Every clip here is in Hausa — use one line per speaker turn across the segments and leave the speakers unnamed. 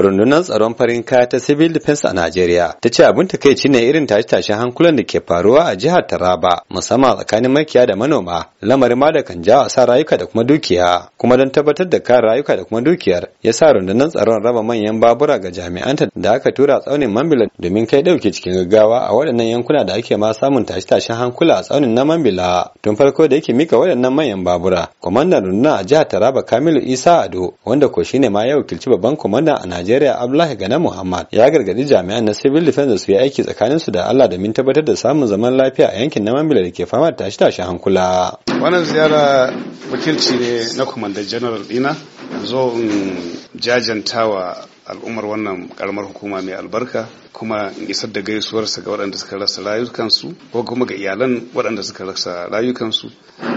rundunar tsaron farin kaya ta civil defense a Najeriya ta ce abin takaici ne irin tashe-tashen hankulan da ke faruwa a jihar Taraba musamman tsakanin makiya da manoma lamarin ma da kan jawo sa rayuka da kuma dukiya kuma don tabbatar da kan rayuka da kuma dukiyar ya sa rundunar tsaron raba manyan babura ga jami'anta da aka tura tsaunin Mambila domin kai dauke cikin gaggawa a waɗannan yankuna da ake ma samun tashe-tashen hankula a tsaunin na Mambila tun farko da yake mika waɗannan manyan babura kwamandan rundunar a jihar Taraba Kamilu Isa Ado wanda ko shine ma ya wakilci babban kwamandan a Najeriya Abdullahi Gana Muhammad ya gargadi jami'an na civil defense su yi aiki tsakanin su da Allah domin tabbatar da samun zaman lafiya a yankin na Mambila da ke fama da tashi tashi hankula.
Wannan ziyara wakilci ne na Commander General dina zo in jajantawa al'ummar wannan karamar hukuma mai albarka kuma in isar da gaisuwarsa ga waɗanda suka rasa rayukansu ko kuma ga iyalan waɗanda suka rasa rayukansu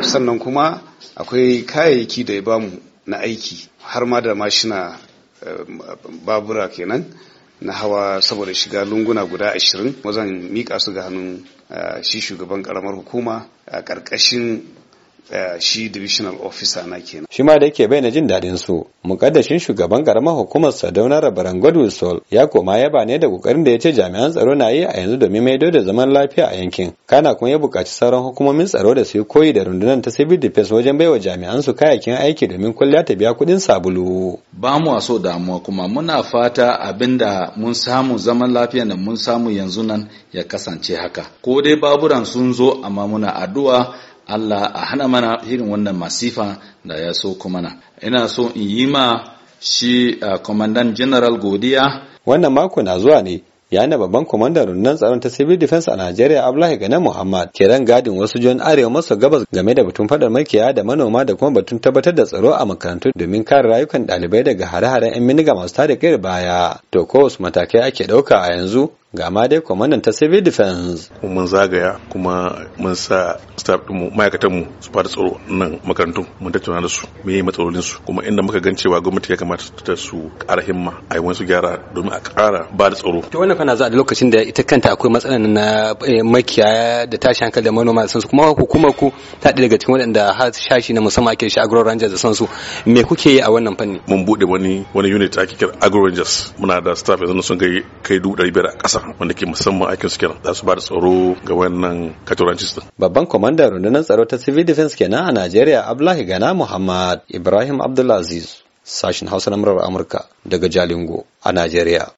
sannan kuma akwai kayayyaki da ya bamu na aiki har ma da mashina babura kenan na hawa saboda shiga lunguna guda ashirin wazan mika su ga hannun ah, shi shugaban karamar hukuma a karkashin Eh, shi divisional officer na kenan
shi ma da yake bayyana jin dadin su mukaddashin shugaban karamar hukumar Sadauna Rabaran Godwin Sol ya koma yaba ne da kokarin da ya ce jami'an tsaro na yi a yanzu domin maido da zaman lafiya a yankin kana kuma ya buƙaci sauran hukumomin tsaro da su koyi da rundunar ta civil defense wajen baiwa
jami'an su kayayyakin aiki domin kwalliya ta biya kuɗin sabulu ba mu so damuwa kuma muna fata abinda mun samu zaman lafiya da mun samu yanzu nan ya kasance haka ko dai baburan sun zo amma muna addu'a Allah a hana mana irin wannan masifa da ya so mana ina so in yi ma shi kwamandan general godiya wannan mako na zuwa ne ya na babban kwamandan
rundunar tsaron ta civil defense a Najeriya Abdullahi Ganin Muhammad kiran gadin wasu juwan arewa maso gabas game da batun fadar makiya da manoma da kuma batun tabbatar da tsaro a makarantu domin kare rayukan ɗalibai daga hare-haren 'yan miniga masu tada kai baya to kowace matakai ake ɗauka a yanzu ga ma dai kwamandan ta civil defense mun
zagaya kuma mun sa staff din mu ma'aikatan mu su fara tsaro nan makarantu mun tattauna da su me matsalolin su kuma inda muka gan cewa gwamnati ya kamata ta su ƙara himma a yi wasu gyara domin a ƙara ba da tsaro
to wannan kana za a lokacin da ita kanta akwai matsalar na eh, makiyaya da tashi hankali da manoma da sansu kuma hukumar ku ta ɗaya daga cikin waɗanda har shashi na musamman
ake shi agro rangers da sansu me kuke yi a wannan fanni mun bude wani wani unit ake kira agro rangers muna da staff yanzu sun kai kai dubu ɗari biyar a ƙasa wanda ke musamman aikin su kenan za su ba da tsaro ga wannan katuranci
babban kwamandan rundunar tsaro ta civil defense kenan a najeriya abdullahi gana muhammad ibrahim abdulaziz sashin hausa na murar amurka daga jalingo a najeriya